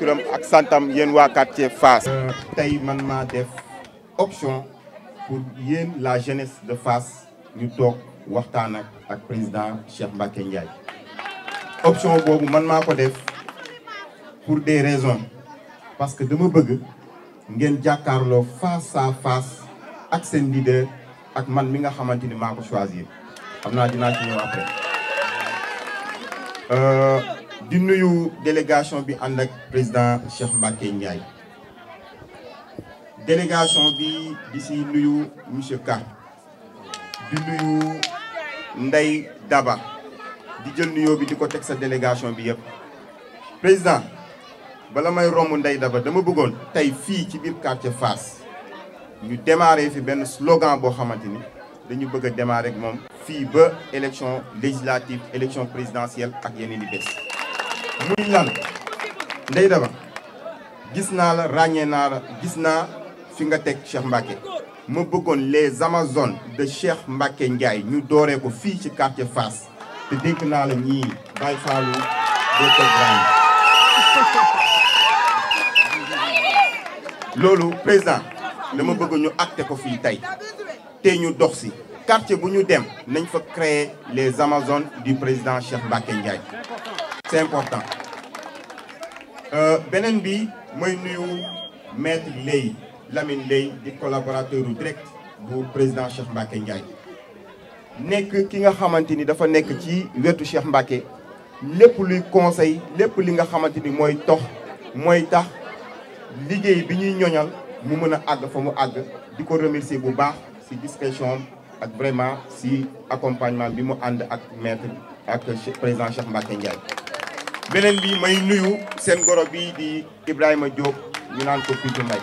turam ak santam yéen waa quartier Fass. Euh, tey man maa def option pour yéen la jeunesse de Fass ñu toog waxtaan ak ak président Cheikh Mbacké option boobu man maa ko def pour des raisons parce que dama bëgg ngeen jàkkaarloo face à face ak seen leader ak man mi nga xamante ni maa ko choisir xam naa dinaa ci ñëw après. Euh, di nuyu délégation bi ànd ak président Cheikh Mbacké Ndiaye délégation bi di si nuyu monsieur Ka di nuyu Ndey Daba di jël nuyoo bi di ko teg sa délégation bi yëpp président bala may romb Ndey Daba dama bëggoon tey fii ci biir quartier Fass ñu démarrer fi benn slogan boo xamante ni dañu bëgg a démarrer moom fii ba élection législative élection présidentielle ak yeneen i bés muy lan Ndeye Daba gis naa la ràññee naa la gis naa fi nga teg Cheikh Mbacké ma bëggoon les amazones de Cheikh Mbacké Ndiaye ñu dooree ko fii ci quartier fas te dégg naa la ñii Baye Fallou de loolu président dama bëgg ñu acté ko fii tey te ñu dox si quartier bu ñu dem nañ fa créer les amazones di président Cheikh Mbacké Ndiaye c'est important euh, beneen bi mooy nuyu maître Lay Lamine Lay di collaborateur direct bu président Cheikh Mbacke Ndiaye nekk ki nga xamante ni dafa nekk ci wetu Cheikh Mbacke lépp luy conseil lépp li nga xamante ni mooy tox mooy tax liggéey bi ñuy ñoñal mu mën a àgg fa mu àgg di ko remercier bu baax si discrétion ak vraiment si accompagnement bi mu ànd ak maître ak président Cheikh Mbacke Ndiaye. beneen bi may nuyu seen goro bi di Ibrahima Diop ñu naan ko Bintu Mbaye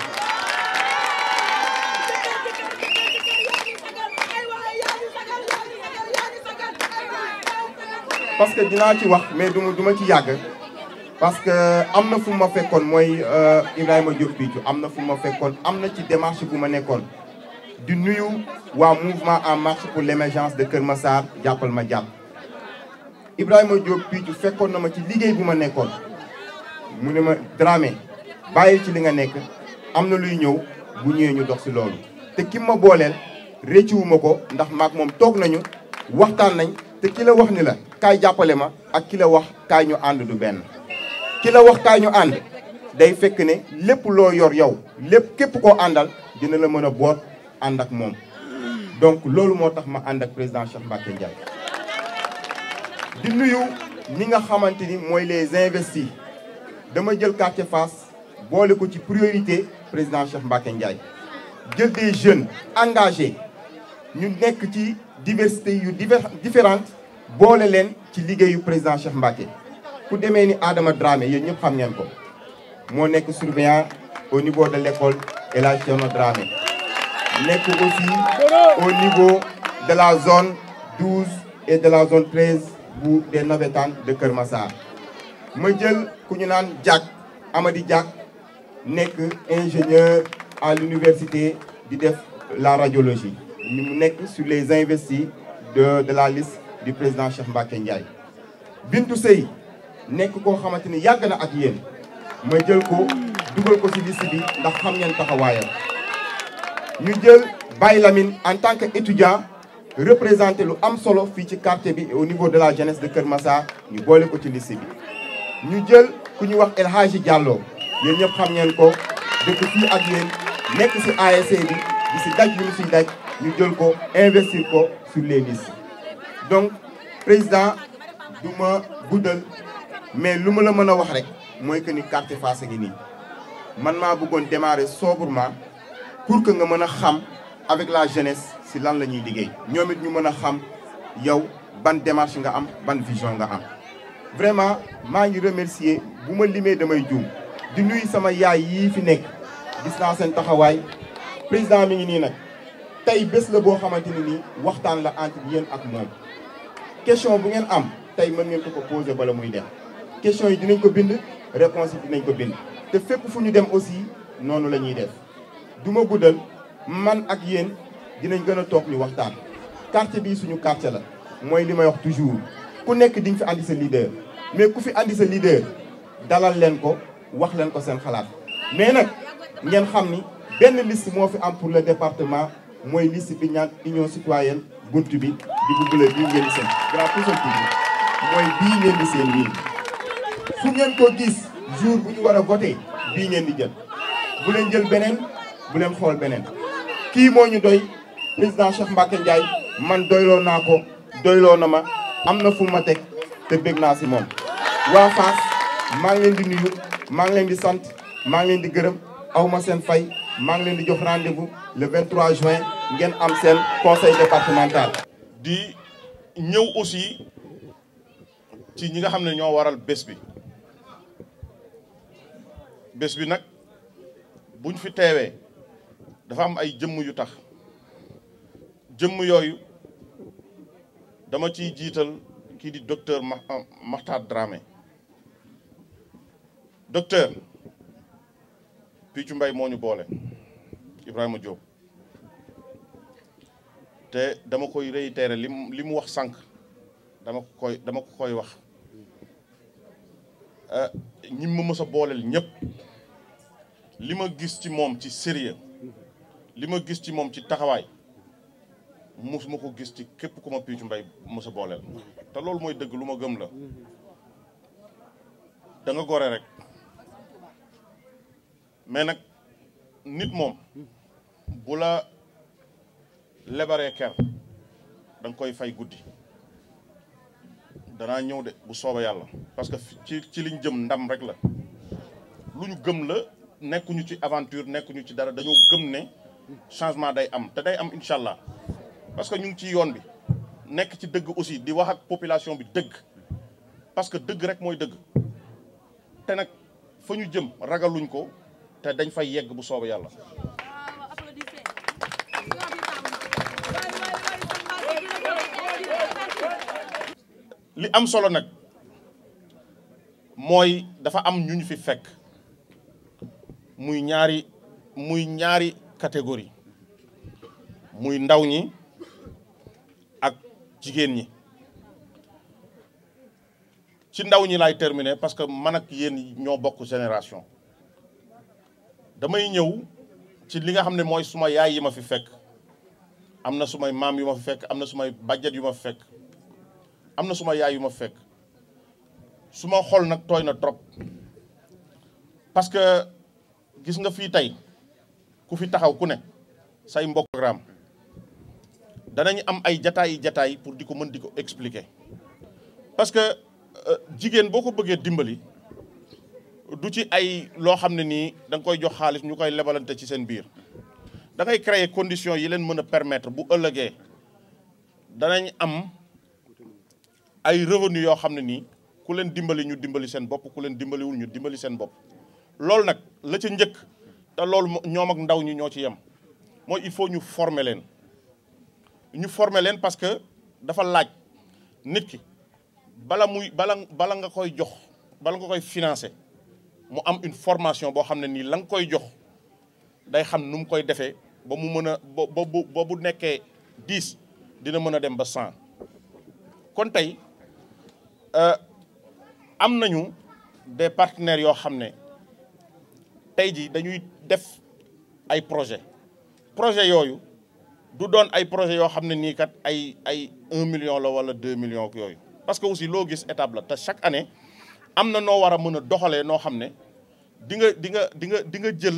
parce que dinaa ci wax mais du du ma ci yàgg parce que am na fu ma fekkoon mooy euh, Ibrahima Diop Bintu am na fu ma fekkoon am na ci démarche bu ma nekkoon di nuyu waa mouvement en marche pour l'émergence de Kër Massar jàppal ma jàpp Ibrahima Diop Picchu fekkoon na ma ci liggéey bu ma nekkoon mu ne ma Dramé bàyyi ci li nga nekk am na luy ñëw bu ñëwee ñu dox si loolu. te ki ma booleel réccuwuma ko ndax maak moom toog nañu waxtaan nañ te ki la wax ni la kaay jàppale ma ak kila wax kaay ñu ànd du benn. ki la wax kaay ñu ànd day fekk ne lépp loo yor yow lépp képp koo àndal dina la mën a boot ànd ak moom donc loolu moo tax ma ànd ak président Cheikh di nuyu ñi nga xamante ni mooy les investis dama jël quartier fas boole ko ci priorité président Cheikh Mbacké Ndiaye jël des jeunes engagés ñu nekk ci diversité yu différentes boole leen ci liggéeyu président Cheikh Mbacké ku demee ni Adama Dramé yéen ñëpp xam ngeen ko moo nekk surveillant au niveau de l'école El Hadj Thierno Dramé nekk la zone 12 et de la zone 13 bu des navétanes de Kër Massar ma jël ku ñu naan Diack Amady Diack nekk ingénieur à l'université di def la radiologie mu nekk su les investis de de la liste di président Cheikh Mbacké Ndiaye Bintou nekk koo xamante ni yàgg na ak yéen ma jël ko dugal ko ci liste bi ndax xam ngeen taxawaayam ñu jël Baye Lamine en tant que étudiant représenté lu am solo fii ci quartier bi et au niveau de la jeunesse de Kër Massar ñu boole ko ci liste bi. ñu jël ku ñu wax El Hadji Diallo yéen ñëpp xam ngeen ko dëkk fii ak yéen nekk si ASC bi di si daj yu ñu si daj ñu jël ko investir ko sur les listes donc président du ma guddal mais lu ma la mën a wax rek mooy que ni quartier Fass gi nii man maa bëggoon démarrer sobrement pour que nga mën a xam avec la jeunesse. si lan la ñuy liggéey ñoom it ñu mën a xam yow ban démarche nga am ban vision nga am vraiment maa ngi remercier bu ma limee damay juum di nuyu sama yaay yii fi nekk gis naa seen taxawaay président mi ngi nii nag tey bés la boo xamante ne nii waxtaan la entre yéen ak moom question bu ngeen am tey mën ngeen ko ko posé bala muy dem question yi dinañ ko bind réponse yi dinañ ko bind te fépp fu ñu dem aussi noonu la ñuy def du ma guddal man ak yéen dinañ gën a toog ñu waxtaan quartier bii suñu quartier la mooy li may wax toujours ku nekk di nga fi andi sa leader mais ku fi andi sa leader dalal leen ko wax leen ko seen xalaat mais nag ngeen xam ni benn liste moo fi am pour le département mooy liste bi ñaan union citoyenne bunt bi di bu bule bii ngeen di seen grand puissance bi mooy bii ngeen di seen nii fu ngeen ko gis jour bu ñu war a voté bii ngeen di jël bu leen jël beneen bu leen xool beneen kii moo ñu doy président Cheikh Mbacke Ndiaye man doyloo naa ko doyloo na ma am na fu ma teg te bég naa si waa Fass maa ngi leen di nuyu maa ngi leen di sant maa ngi leen di gërëm aw ma seen fay maa ngi leen di jox rendez le 23 juin ngeen am seen conseil départemental. di ñëw aussi ci ñi nga xam ne ñoo waral bés bi bés bi nag bu ñu fi teewee dafa am ay jëmm yu tax. jëmm yooyu dama ciy jiital kii di docteur euh, Makhtar Dramé docteur Piccu Mbay moo ñu boole Ibrahima Diop te dama koy réitéré li mu li mu wax sànq dama ko koy dama ko koy wax euh, ñi ma mës a booleel ñépp li ma gis ci moom ci sérieux li ma gis ci moom ci taxawaay musuma ko gis ci képp ku ma Pithio Mbaye mos a booleel te loolu mooy dëgg lu ma gëm la da nga gore rek mais nag nit moom bu la lebaree ker da koy fay guddi danaa ñëw de bu sooba yàlla parce que ci ci liñ jëm ndam rek la lu ñu gëm la nekkuñu ci aventure nekkuñu ci dara dañoo gëm ne changement day am te day am incha allah parce que ñu ngi ci yoon bi nekk ci dëgg aussi di wax ak population bi dëgg parce que dëgg rek mooy dëgg te nag fa ñu jëm ragaluñ ko te dañ fay yegg bu soobu yàlla. li am solo nag mooy dafa am ñu ñu fi fekk muy ñaari muy ñaari catégorie muy ndaw ñi. jigéen ñi ci ndaw ñi laay terminer parce que man ak yéen ñoo bokk génération damay ñëw ci li nga xam ne mooy suma yaay yi ma fi fekk am na sumay maam yu ma fi fekk am na sumay bàjjet yu ma fi fekk am na suma yaay yu ma fekk suma xol nag tooy na trop parce que gis nga fii tey ku fi taxaw ku ne say mbokk programme danañ am ay jataay jataay pour di ko mën di ko expliquer parce que euh, jigéen boo ko bëggee dimbali du ci ay loo xam ne nii da koy jox xaalis ñu koy lebalante ci seen biir da ngay créer conditions yi leen mën a permettre bu ëllëgee danañ am ay revenu yoo xam ne nii ku leen dimbali ñu dimbali seen bopp ku leen dimbaliwul ñu dimbali seen bopp loolu nag la ca njëkk te loolu ñoom ak ndaw ñi ñoo ci yem mooy il faut ñu former leen ñu former leen parce que dafa laaj nit ki bala muy bala bala nga koy jox bala nga koy financer mu am une formation boo xam ne nii la nga koy jox day xam nu mu koy defee ba mu mën a ba bu nekkee dix dina mën a dem ba cent kon tey euh, am nañu des partenaires yoo xam ne tey jii dañuy def ay projet projet yooyu du doon ay projet yoo xam ne nii kat ay ay un million la wala deux millions yooyu parce que aussi loo gis étape la te chaque année am na noo war a mën a doxalee noo xam ne di nga di nga di nga di nga jël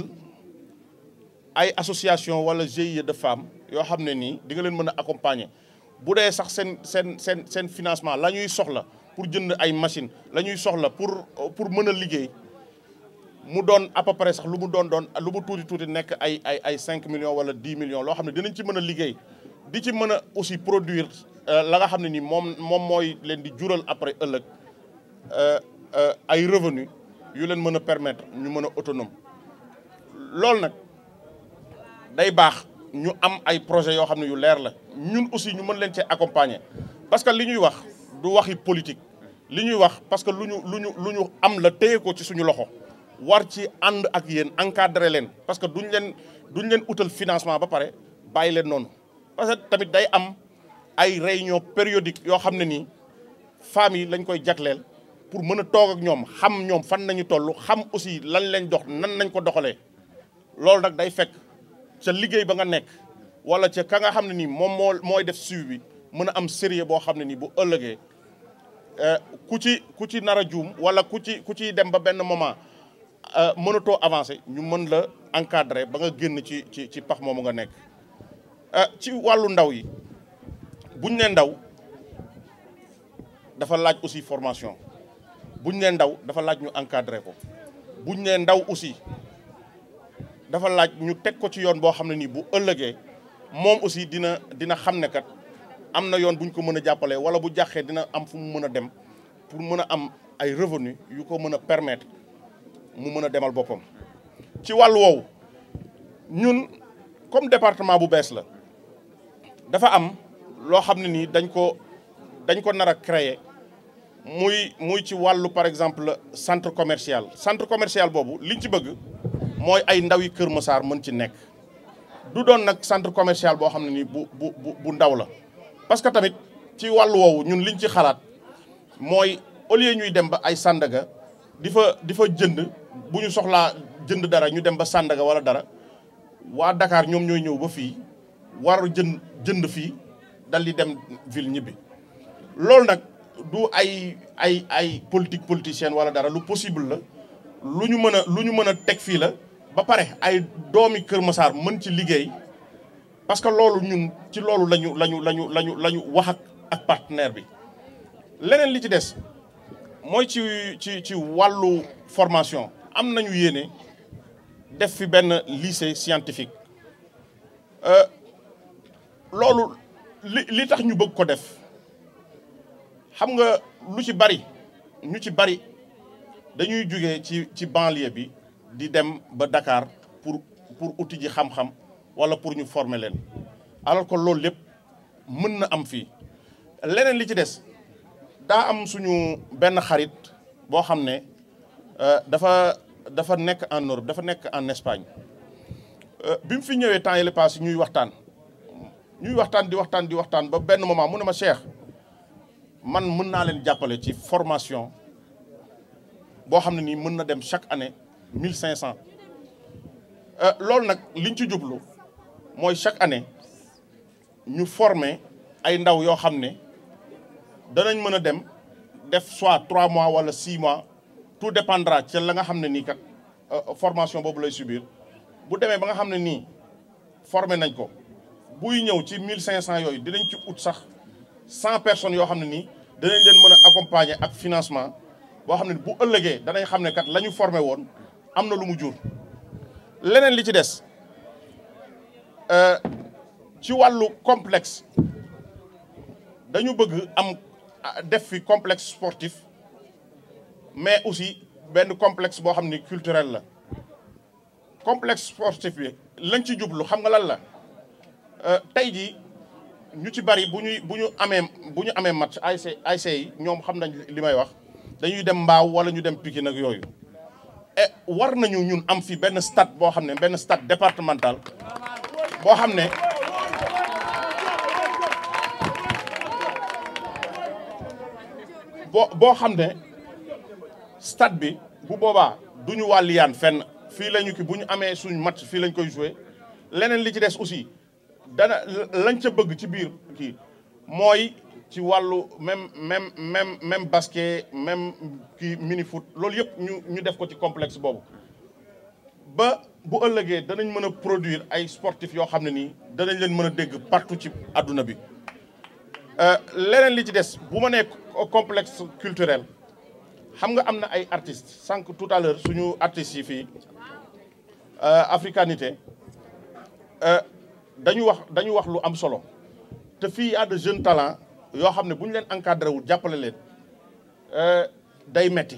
ay association wala GIE de femmes yoo xam ne nii di nga leen mën a accompagner bu dee sax seen seen seen seen financement la ñuy soxla pour jënd ay machine la ñuy soxla pour pour mën a liggéey mu doon à sax lu mu doon doon lu mu tuuti tuuti nekk ay ay ay cinq millions wala dix millions loo xam ne dinañ ci mën a liggéey di ci mën a aussi produire euh, la nga xam ne ni moom moom mooy leen di jural après ëllëg euh, euh, ay revenu yu leen mën a permettre ñu mën a autonome loolu nag day baax ñu am ay projets yoo xam ne yu leer la ñun aussi ñu mën leen cee accompagner parce que li ñuy wax du waxi politique li ñuy wax parce que lu ñu lu ñu lu ñu am la téye ko ci suñu loxo war ci ànd ak yéen encadre leen parce que duñ leen duñ leen utal financement ba pare bàyyi leen noonu parce que tamit day am ay réunion périodique yoo xam ne nii femmes yi lañ koy jagleel pour mën a toog ak ñoom xam ñoom fan nañu toll xam aussi lan lañ dox nan nañ ko doxalee loolu nag day fekk ca liggéey ba nga nekk wala ca ka nga xam ne nii moom moo mooy def suivi bi mën a am sérieux boo xam ne nii bu ëllëgee euh, ku ci ku ci nar a juum wala ku ci ku ciy dem ba benn moment Euh, mënatoo avancé ñu mën la encadrer ba nga génn ci ci ci pax moomu nga nekk euh, ci wàllu ndaw yi buñ nee ndaw dafa laaj aussi formation buñ ne ndaw dafa laaj ñu encadrer ko buñ ne ndaw aussi dafa laaj ñu teg ko ci yoon boo xam ne nii bu ëllëgee moom aussi dina dina xam ne kat am na yoon bu ñu ko mën a jàppalee wala bu jàqee dina am fu mu mën a dem pour mën a am ay revenu yu ko mën a permettre mu mën a demal boppam ci wàll woowu ñun comme département bu bees la dafa am loo xam ne nii dañ ko dañ ko nar a créer muy muy ci wàllu par exemple centre commerciale centre commerciale boobu liñ ci bëgg mooy ay ndaw yi Kër Massar mën ci nekk du doon nag centre commercial boo xam ne nii bu bu bu ndaw la parce que tamit ci wàllu woowu ñun liñ ci xalaat mooy au lieu ñuy dem ba ay Sandaga di fa di fa jënd bu ñu soxlaa jënd dara ñu dem ba Sandaga wala dara waa dakaar ñoom ñooy ñëw ba fii war jënd jënd fii dal di dem ville ñibbi loolu nag du ay ay ay politique politicienne wala dara lu possible la lu ñu mën a lu ñu mën a teg fii la ba pare ay doomi Kër Massar mën ci liggéey parce que loolu ñun ci loolu lañu lañu lañu lañu lañu wax ak ak partenaire bi leneen li ci des mooy ci ci ci wàllu formation am nañu yéene def fi benn lycée scientifique euh, loolu li li tax ñu bëgg ko def xam nga lu ci bari ñu ci bari dañuy jóge ci ci banlieue bi di dem ba dakaar pour pour uti ji xam-xam walla pour ñu former leen alors que loolu lépp mën na am fi leneen li ci des daa am suñu benn xarit boo xam ne euh, dafa dafa nekk en Europe dafa nekk en Espagne euh, bi mu fi ñëwee temps yële passé ñuy waxtaan ñuy waxtaan di waxtaan di waxtaan ba benn moment mu ne ma Cheikh man mën naa leen jàppale ci formation boo xam ne nii mën na dem chaque année mille cinq cent euh, loolu nag liñ ci jublu mooy chaque année ñu former ay ndaw yoo xam ne danañ mën a dem def soit trois mois wala six mois tout dépendra ci la nga xam ne nii kat euh, formation boobu lay subir bu demee ba nga xam ne nii formé nañ ko buy ñëw ci mille cinq cent yooyu dinañ ci ut sax cent personnes yoo xam ne nii danañ leen mën a accompagner ak financement boo xam ne bu ëllëgee danañ xam ne kat lañu ñu woon am na lu mu jur leneen li ci des euh, ci wàllu complexe dañu bëgg am euh, def fi complexe sportif mais aussi benn complexe boo xam ne culturel la complexe sportif lañ ci jublu xam nga lan la euh, tey jii ñu ci bari bu ñuy bu amee bu ñu amee match ASC ASC ñoom xam nañ li may wax dañuy dem mbaaw wala ñu dem Pikine nag yooyu e war nañu ñun am fi benn stade boo xam ne benn stade départemental boo xam ne boo xam ne state bi bu boobaa du ñu wàlliyaan fenn fii la ki bu ñu amee suñ match fii lañ koy joué leneen li ci des aussi dana lañ ca bëgg ci biir kii mooy ci wàllu même même même même basket même kii mini foot loolu yëpp ñu ñu def ko ci complexe boobu ba bu ëllëgee danañ mën a produir ay sportifs yoo xam ne nii danañ leen mën a dégg partout ci adduna bi euh, leneen li ci des bu ma nekk complexe culturel xam nga am na ay artistes sànq tout à l'heure suñu artistes yi fii euh, africanité euh, dañu wax dañu wax lu am solo te fii y a de jeunes talents yoo xam ne bu ñu leen encadré wul jàppale leen euh, day metti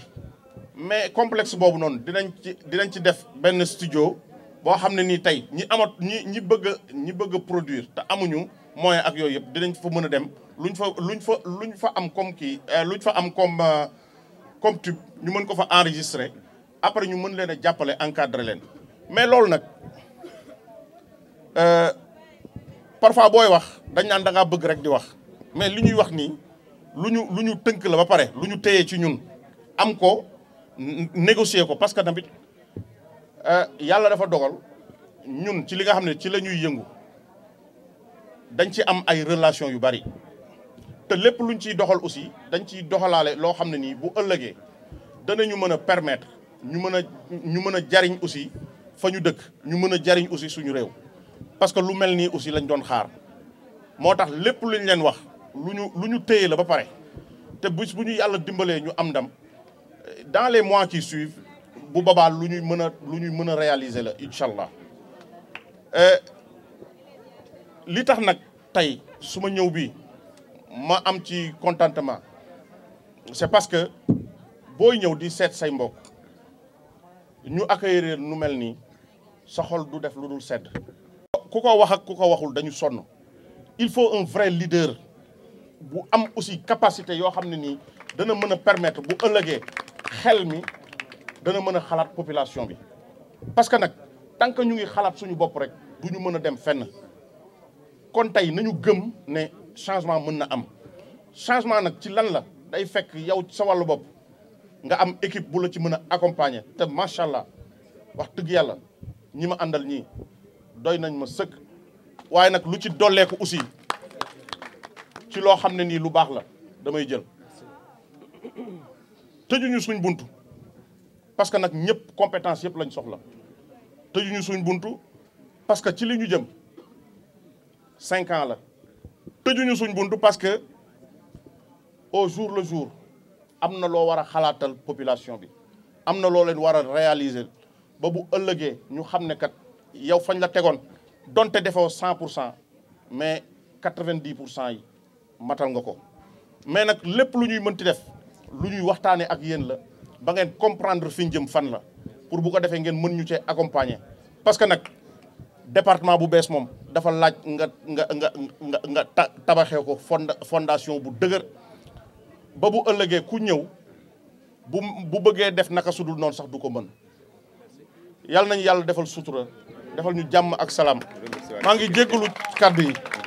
mais complexe boobu noonu dinañ ci dinañ ci def benn studio boo xam ne nii tey ñi amat ñi ñi bëgg ñi bëgg produir produire te amuñu moyen ak yooyu yëpp dinañ fa mën a dem luñ fa luñ fa luñ fa am comme kii luñ fa am comme comme tube ñu mën ko fa enregistrer après ñu mën leen a jàppale encadrer leen mais loolu nag euh, parfois booy wax dañ naan bëgg rek di wax mais lu ñuy wax nii lu ñu lu ñu tënk la ba pare lu ñu téye ci ñun am ko négocier ko parce que tamit euh, yàlla dafa dogal ñun ci li nga xam ne ci la ñuy yëngu dañ ci am ay relation yu bari te lépp luñ ciy doxal aussi dañ ciy doxalaale loo xam ne nii bu ëllëgee danañu mën a permettre ñu mën a ñu mën a jariñ aussi fa ñu dëkk ñu mën a jariñ aussi suñu réew parce que lu mel nii aussi lañ doon xaar moo tax lépp luñ leen wax lu ñu lu ñu téye la ba pare te bis bu ñu yàlla dimbalee ñu am ndam dans les mois qui suivent bu boobaa lu ñuy mën a lu ñuy mën a réaliser la incha allah euh, li tax nag tey suma ñëw bii ma am ci contentement c'est parce que booy ñëw di seet say mbokk ñu accueillir nu mel nii sa xol du def lu dul sedd ku ko wax ak ku ko waxul dañu sonn il faut un vrai leader bu am aussi capacité yoo xam ne nii dana mën a permettre bu ëllëgee xel mi dana mën a xalaat population bi parce que nag tant que ñu ngi xalaat suñu bopp rek du ñu mën a dem fenn kon tey nañu gëm ne changement mën na am changement nag ci lan la day fekk yow sa wàllu bopp nga am équipe bu la ci mën a accompagner te macha allah wax dëgg yàlla ñi ma àndal ñii doy nañ ma sëkk waaye nag lu ci dolleeku aussi ci loo xam ne nii lu baax la damay jël tëjuñu suñ buntu parce que nag ñëpp compétence yëpp lañ soxla tëjuñu suñ buntu parce que ci li ñu jëm cinq la tëjuñu suñ buntu parce que au jour le jour am na loo war a xalaatal population bi am na loo leen war a réaliser ba bu ëllëgee ñu xam ne kat yow fañ la tegoon donte defoo cent pour cent mais quatre-vingt-dix pour cent yi matal nga ko mais nag lépp lu ñuy mënti def lu ñuy waxtaanee ak yéen la ba ngeen comprendre fi ñu jëm fan la pour bu ko defee ngeen mën ñu cee accompagner parce que nag département bu bees moom dafa laaj nga nga nga nga nga tabaxee ko fondation bu dëgër ba bu ëllëgee ku ñëw bu bu bëggee def naka sudul noonu sax du ko mën yàlla nañ yàlla defal sutura defal ñu jàmm ak salaam maa ngi jéggalu kàddu yi